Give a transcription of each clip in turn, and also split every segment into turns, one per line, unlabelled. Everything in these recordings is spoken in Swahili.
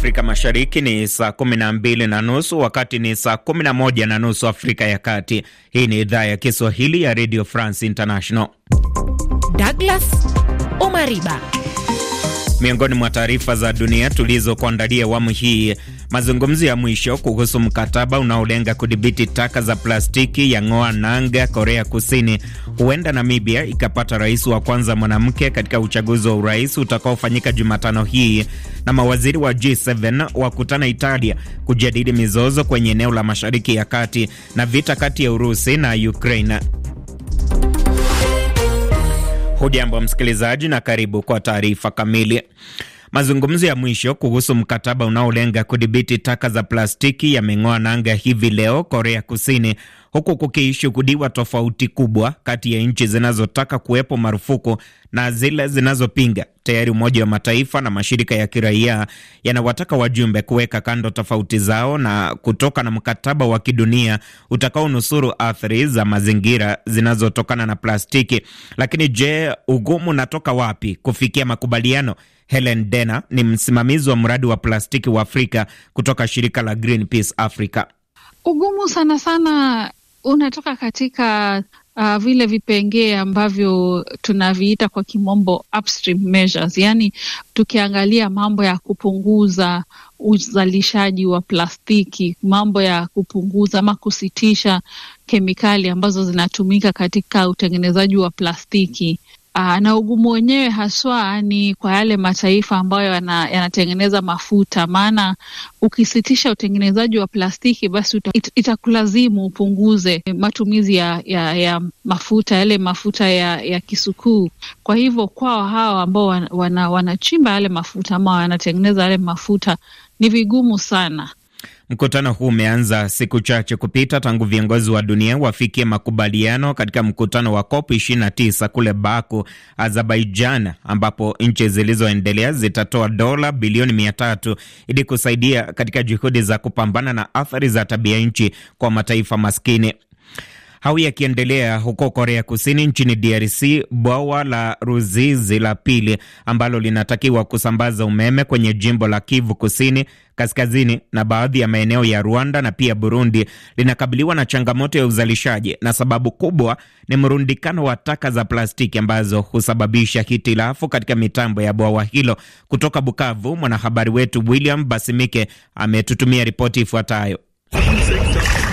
Afrika Mashariki ni saa kumi na mbili na nusu wakati ni saa kumi na moja na nusu Afrika ya Kati. Hii ni idhaa ya Kiswahili ya Radio France International. Douglas Omariba, miongoni mwa taarifa za dunia tulizokuandalia awamu hii Mazungumzo ya mwisho kuhusu mkataba unaolenga kudhibiti taka za plastiki ya ng'oa nanga Korea Kusini, huenda Namibia ikapata rais wa kwanza mwanamke katika uchaguzi wa urais utakaofanyika Jumatano hii, na mawaziri wa G7 wakutana Italia kujadili mizozo kwenye eneo la Mashariki ya Kati na vita kati ya Urusi na Ukraine. Hujambo msikilizaji, na karibu kwa taarifa kamili. Mazungumzo ya mwisho kuhusu mkataba unaolenga kudhibiti taka za plastiki yameng'oa nanga hivi leo Korea Kusini, huku kukishuhudiwa tofauti kubwa kati ya nchi zinazotaka kuwepo marufuku na zile zinazopinga. Tayari Umoja wa Mataifa na mashirika ya kiraia yanawataka wajumbe kuweka kando tofauti zao na kutoka na mkataba wa kidunia utakaonusuru athari za mazingira zinazotokana na plastiki. Lakini je, ugumu unatoka wapi kufikia makubaliano? Helen Dena ni msimamizi wa mradi wa plastiki wa Afrika kutoka shirika la Greenpeace Africa.
Ugumu sana sana unatoka katika Uh, vile vipengee ambavyo tunaviita kwa kimombo upstream measures, yaani tukiangalia mambo ya kupunguza uzalishaji wa plastiki, mambo ya kupunguza ama kusitisha kemikali ambazo zinatumika katika utengenezaji wa plastiki, Aa, ah, na ugumu wenyewe haswa ni kwa yale mataifa ambayo yanatengeneza mafuta, maana ukisitisha utengenezaji wa plastiki basi uta, it, itakulazimu upunguze matumizi ya, ya, ya mafuta yale mafuta ya, ya kisukuu. Kwa hivyo kwao hawa ambao wanachimba wana, wana yale mafuta ama wanatengeneza yale mafuta ni vigumu sana
Mkutano huu umeanza siku chache kupita tangu viongozi wa dunia wafikie makubaliano katika mkutano wa COP 29 kule Baku, Azerbaijan, ambapo nchi zilizoendelea zitatoa dola bilioni mia tatu ili kusaidia katika juhudi za kupambana na athari za tabia nchi kwa mataifa maskini hau yakiendelea huko Korea Kusini, nchini DRC, bwawa la Ruzizi la pili ambalo linatakiwa kusambaza umeme kwenye jimbo la Kivu Kusini, kaskazini na baadhi ya maeneo ya Rwanda na pia Burundi linakabiliwa na changamoto ya uzalishaji, na sababu kubwa ni mrundikano wa taka za plastiki ambazo husababisha hitilafu katika mitambo ya bwawa hilo. Kutoka Bukavu, mwanahabari wetu William Basimike ametutumia ripoti ifuatayo.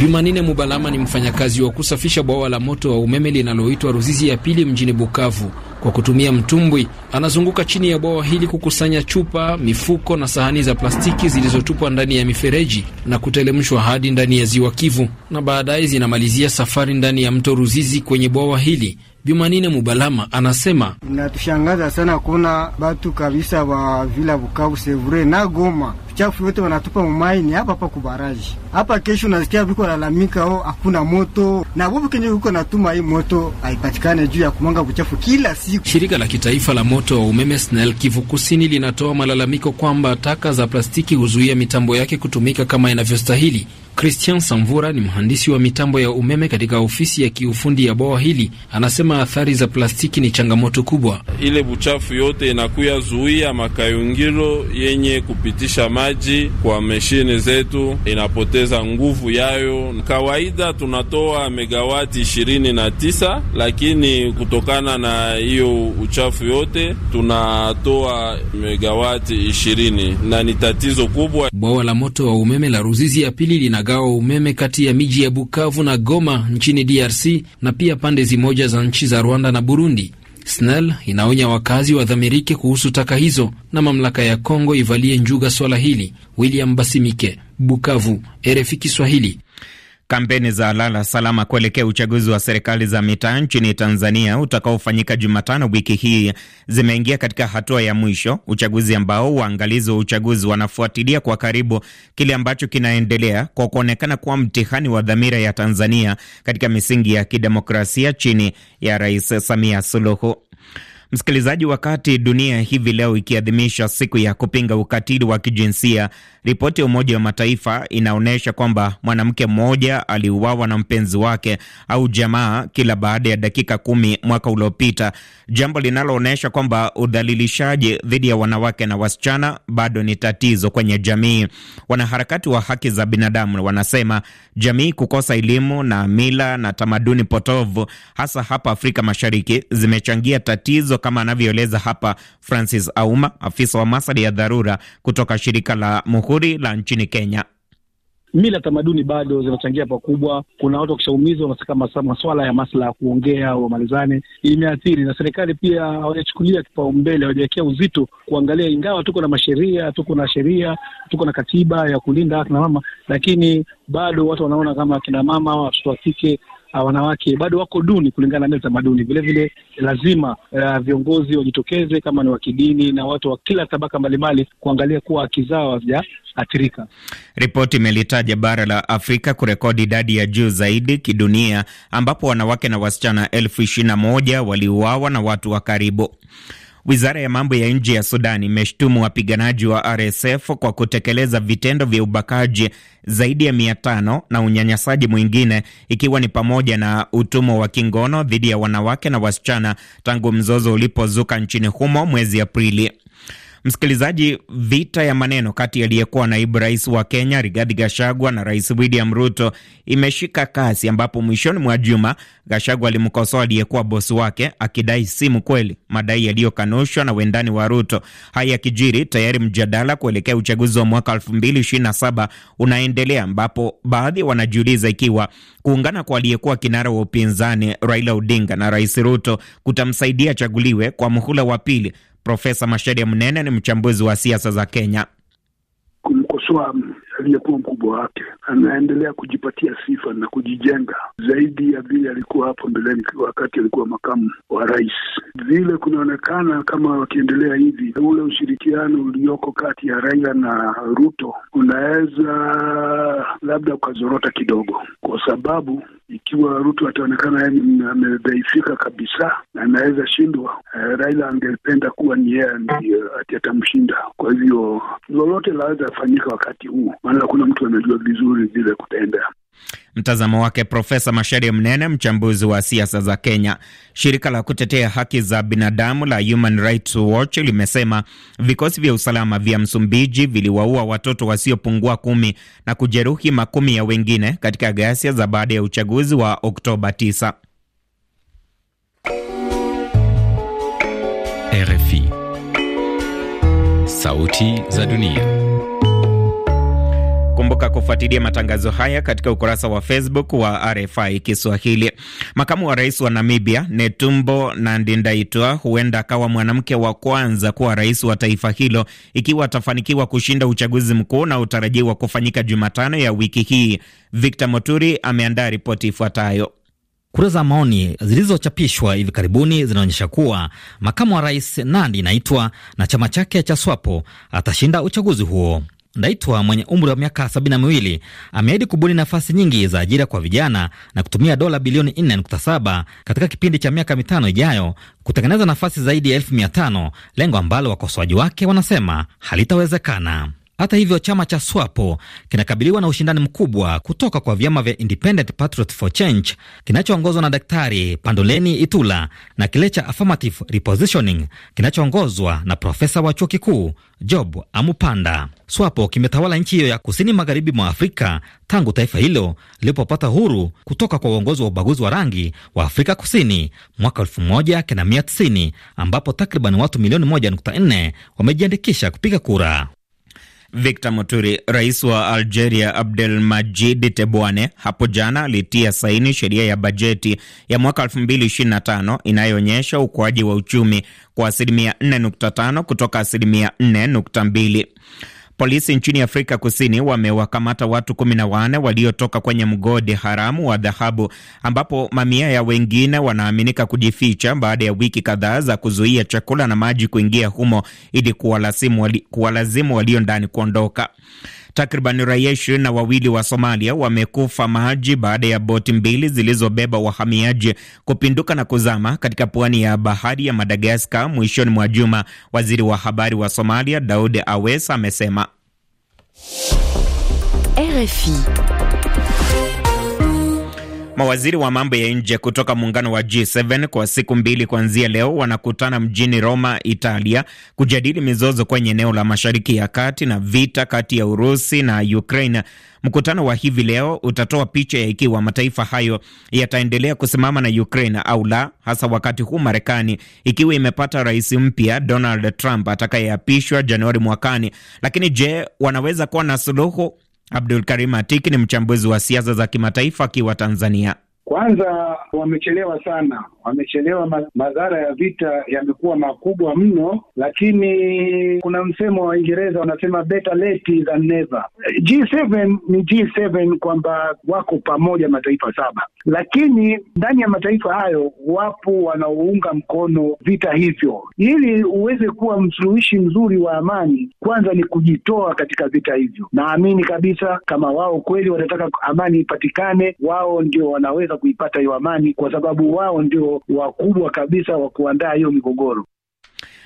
Jumanine Mubalama ni mfanyakazi wa kusafisha bwawa la moto wa umeme linaloitwa Ruzizi ya
pili mjini Bukavu. Kwa kutumia mtumbwi, anazunguka chini ya bwawa hili kukusanya chupa, mifuko na sahani za plastiki zilizotupwa ndani ya mifereji na kutelemshwa hadi ndani ya ziwa Kivu, na baadaye zinamalizia safari ndani ya mto Ruzizi kwenye bwawa hili Bimanine Mubalama anasema inatushangaza sana kuona batu kabisa wa vila Bukavu, Sevure na Goma chafu yote wanatupa mumaini hapa hapa kubaraji hapa. Kesho nasikia viko lalamika o, oh, hakuna moto na bovu kenye huko natuma hii moto haipatikane juu ya kumanga uchafu kila siku. Shirika la kitaifa la moto wa umeme SNEL Kivu Kusini linatoa malalamiko kwamba taka za plastiki huzuia mitambo yake kutumika kama inavyostahili. Christian Samvura ni mhandisi wa mitambo ya umeme katika ofisi ya kiufundi ya bwawa hili. Anasema athari za plastiki ni changamoto kubwa. Ile buchafu yote inakuya zuia makayungilo yenye kupitisha maji kwa mashine zetu, inapoteza nguvu yayo. Kawaida tunatoa megawati ishirini na tisa, lakini kutokana na hiyo uchafu yote tunatoa megawati ishirini na ni tatizo kubwa. Bwawa la moto wa umeme la Ruzizi ya pili linaga mgao wa umeme kati ya miji ya Bukavu na Goma nchini DRC na pia pande zimoja za nchi za Rwanda na Burundi. SNEL inaonya wakazi wadhamirike kuhusu taka hizo na mamlaka ya Kongo
ivalie njuga swala hili. William Basimike, Bukavu, RFI Kiswahili. Kampeni za lala salama kuelekea uchaguzi wa serikali za mitaa nchini Tanzania utakaofanyika Jumatano wiki hii zimeingia katika hatua ya mwisho, uchaguzi ambao waangalizi wa uchaguzi wanafuatilia kwa karibu kile ambacho kinaendelea kwa kuonekana kuwa mtihani wa dhamira ya Tanzania katika misingi ya kidemokrasia chini ya Rais Samia Suluhu. Msikilizaji, wakati dunia hivi leo ikiadhimisha siku ya kupinga ukatili wa kijinsia, ripoti ya Umoja wa Mataifa inaonyesha kwamba mwanamke mmoja aliuawa na mpenzi wake au jamaa kila baada ya dakika kumi mwaka uliopita, jambo linaloonyesha kwamba udhalilishaji dhidi ya wanawake na wasichana bado ni tatizo kwenye jamii. Wanaharakati wa haki za binadamu wanasema jamii kukosa elimu na mila na tamaduni potovu, hasa hapa Afrika Mashariki, zimechangia tatizo kama anavyoeleza hapa Francis Auma, afisa wa masada ya dharura kutoka shirika la Muhuri la nchini Kenya.
Mila tamaduni bado zinachangia pakubwa. Kuna watu wakishaumizwa katika maswala ya maslahi ya kuongea, wamalizane, imeathiri na serikali pia hawajachukulia kipaumbele, hawajawekea uzito kuangalia, ingawa tuko na masheria, tuko na sheria, tuko na katiba ya kulinda akina mama, lakini bado watu wanaona kama akina mama, watoto wa kike uh, wanawake bado wako duni kulingana na Vile Vilevile lazima uh, viongozi wajitokeze kama ni wa kidini na watu wa kila tabaka mbalimbali kuangalia kuwa haki zao hazijaathirika.
Ripoti imelitaja bara la Afrika kurekodi idadi ya juu zaidi kidunia ambapo wanawake na wasichana elfu ishirini na moja waliuawa na watu wa karibu Wizara ya mambo ya nje ya Sudan imeshtumu wapiganaji wa RSF kwa kutekeleza vitendo vya ubakaji zaidi ya mia tano na unyanyasaji mwingine ikiwa ni pamoja na utumwa wa kingono dhidi ya wanawake na wasichana tangu mzozo ulipozuka nchini humo mwezi Aprili. Msikilizaji, vita ya maneno kati aliyekuwa naibu rais wa Kenya Rigathi Gachagua na rais William Ruto imeshika kasi, ambapo mwishoni mwa juma Gachagua alimkosoa aliyekuwa bosi wake akidai si mkweli, madai yaliyokanushwa na wendani wa Ruto. Haya yakijiri, tayari mjadala kuelekea uchaguzi wa mwaka 2027 unaendelea, ambapo baadhi wanajiuliza ikiwa kuungana kwa aliyekuwa kinara wa upinzani Raila Odinga na rais Ruto kutamsaidia achaguliwe kwa muhula wa pili. Profesa Mashedi Mnene ni mchambuzi wa siasa za Kenya.
kumkosoa aliyekuwa mkubwa wake, anaendelea kujipatia sifa na kujijenga zaidi ya vile alikuwa hapo mbeleni, wakati alikuwa makamu wa rais. Vile kunaonekana kama wakiendelea hivi, ule ushirikiano ulioko kati ya Raila na Ruto unaweza labda ukazorota kidogo, kwa sababu ikiwa Ruto ataonekana amedhaifika kabisa na anaweza shindwa, eh, Raila angependa kuwa ni yeye ndiye atamshinda. Kwa hivyo lolote laweza fanyika wakati huu maana hakuna mtu anajua vizuri vile kutenda.
Mtazamo wake Profesa Masharia Mnene, mchambuzi wa siasa za Kenya. Shirika la kutetea haki za binadamu la Human Rights Watch limesema vikosi vya usalama vya Msumbiji viliwaua watoto wasiopungua kumi na kujeruhi makumi ya wengine katika ghasia za baada ya uchaguzi wa Oktoba 9. RFI, Sauti za Dunia. Kumbuka kufuatilia matangazo haya katika ukurasa wa Facebook wa RFI Kiswahili. Makamu wa rais wa Namibia Netumbo Nandi-Ndaitwah huenda akawa mwanamke wa kwanza kuwa rais wa taifa hilo ikiwa atafanikiwa kushinda uchaguzi mkuu na utarajiwa kufanyika Jumatano ya wiki hii. Victor Moturi ameandaa ripoti ifuatayo. Kura za maoni zilizochapishwa hivi karibuni zinaonyesha kuwa makamu wa rais Nandi inaitwa na chama chake cha SWAPO atashinda uchaguzi huo. Ndaitwa mwenye umri wa miaka sabini na miwili ameahidi kubuni nafasi nyingi za ajira kwa vijana na kutumia dola bilioni 4.7 katika kipindi cha miaka mitano ijayo kutengeneza nafasi zaidi ya elfu mia tano lengo ambalo wakosoaji wake wanasema halitawezekana. Hata hivyo, chama cha SWAPO kinakabiliwa na ushindani mkubwa kutoka kwa vyama vya Independent Patriot for Change kinachoongozwa na Daktari Pandoleni Itula na kile cha Affirmative Repositioning kinachoongozwa na profesa wa chuo kikuu Job Amupanda. SWAPO kimetawala nchi hiyo ya kusini magharibi mwa Afrika tangu taifa hilo lilipopata huru kutoka kwa uongozi wa ubaguzi wa rangi wa Afrika Kusini mwaka 1990 ambapo takriban watu milioni 1.4 wamejiandikisha kupiga kura. Victor Muturi. Rais wa Algeria Abdel Majid Tebboune hapo jana alitia saini sheria ya bajeti ya mwaka 2025 inayoonyesha ukuaji wa uchumi kwa asilimia 4.5 kutoka asilimia 4.2. Polisi nchini Afrika Kusini wamewakamata watu kumi na wanne waliotoka kwenye mgodi haramu wa dhahabu ambapo mamia ya wengine wanaaminika kujificha baada ya wiki kadhaa za kuzuia chakula na maji kuingia humo ili kuwalazimu walio ndani kuondoka. Takriban raia ishirini na wawili wa Somalia wamekufa maji baada ya boti mbili zilizobeba wahamiaji kupinduka na kuzama katika pwani ya bahari ya Madagaskar mwishoni mwa juma. Waziri wa habari wa Somalia Daud Awes amesema RFI. Mawaziri wa mambo ya nje kutoka muungano wa G7 kwa siku mbili kuanzia leo wanakutana mjini Roma, Italia, kujadili mizozo kwenye eneo la Mashariki ya Kati na vita kati ya Urusi na Ukraine. Mkutano wa hivi leo utatoa picha ya ikiwa mataifa hayo yataendelea kusimama na Ukraine au la, hasa wakati huu Marekani ikiwa imepata rais mpya Donald Trump atakayeapishwa Januari mwakani. Lakini je, wanaweza kuwa na suluhu Abdul Karim Atiki ni mchambuzi wa siasa za kimataifa akiwa Tanzania.
Kwanza wamechelewa sana, wamechelewa. Madhara ya vita yamekuwa makubwa mno, lakini kuna msemo wa Uingereza wanasema better late than never. G7 ni G7 kwamba wako pamoja mataifa saba, lakini ndani ya mataifa hayo wapo wanaounga mkono vita hivyo. Ili uweze kuwa msuluhishi mzuri wa amani, kwanza ni kujitoa katika vita hivyo. Naamini kabisa kama wao kweli watataka amani ipatikane, wao ndio wanaweza wanaweza kuipata hiyo amani, kwa sababu wao ndio wakubwa kabisa wa kuandaa hiyo migogoro.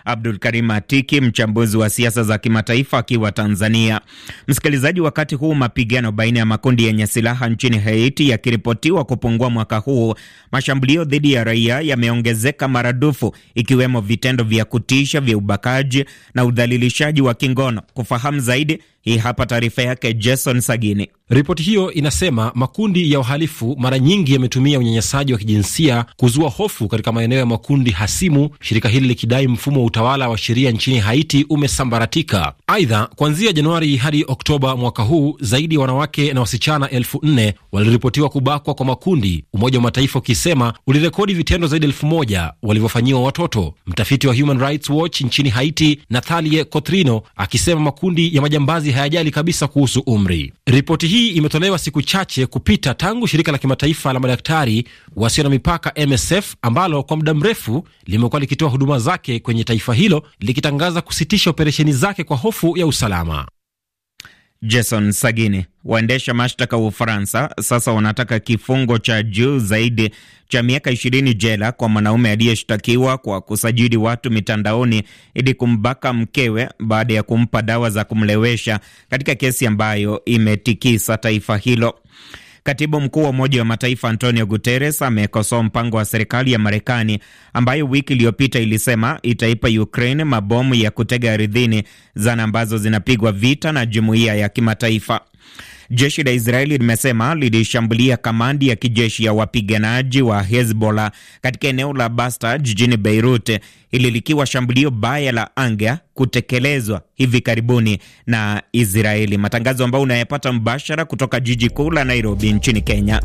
Abdul Karim Atiki, mchambuzi wa siasa za kimataifa akiwa Tanzania. Msikilizaji, wakati huu mapigano baina ya makundi yenye silaha nchini Haiti yakiripotiwa kupungua mwaka huu, mashambulio dhidi ya raia yameongezeka maradufu, ikiwemo vitendo vya kutisha vya ubakaji na udhalilishaji wa kingono. Kufahamu zaidi, hii hapa taarifa yake Jason Sagini. Ripoti hiyo inasema makundi ya uhalifu mara nyingi yametumia unyanyasaji wa kijinsia kuzua hofu katika maeneo ya makundi
hasimu, shirika hili likidai mfumo wa utawala wa sheria nchini Haiti umesambaratika. Aidha, kuanzia Januari hadi Oktoba mwaka huu zaidi ya wanawake na wasichana elfu nne waliripotiwa kubakwa kwa makundi, Umoja wa Mataifa ukisema ulirekodi vitendo zaidi elfu moja walivyofanyiwa watoto. Mtafiti wa Human Rights Watch nchini Haiti Nathalie Cotrino akisema makundi ya majambazi hayajali kabisa kuhusu umri. Ripoti hii imetolewa siku chache kupita tangu shirika la kimataifa la madaktari wasio na mipaka MSF ambalo kwa muda mrefu
limekuwa likitoa huduma zake kwenye taifa hilo likitangaza kusitisha operesheni zake kwa hofu ya usalama. Jason Sagini. Waendesha mashtaka wa Ufaransa sasa wanataka kifungo cha juu zaidi cha miaka ishirini jela kwa mwanaume aliyeshtakiwa kwa kusajili watu mitandaoni ili kumbaka mkewe baada ya kumpa dawa za kumlewesha katika kesi ambayo imetikisa taifa hilo. Katibu mkuu wa Umoja wa Mataifa Antonio Guterres amekosoa mpango wa serikali ya Marekani ambayo wiki iliyopita ilisema itaipa Ukraine mabomu ya kutega ardhini zana ambazo zinapigwa vita na jumuiya ya kimataifa. Jeshi la Israeli limesema lilishambulia kamandi ya kijeshi ya wapiganaji wa Hezbollah katika eneo la Basta jijini Beirut, hili likiwa shambulio baya la anga kutekelezwa hivi karibuni na Israeli. Matangazo ambayo unayapata mbashara kutoka jiji kuu la Nairobi nchini Kenya.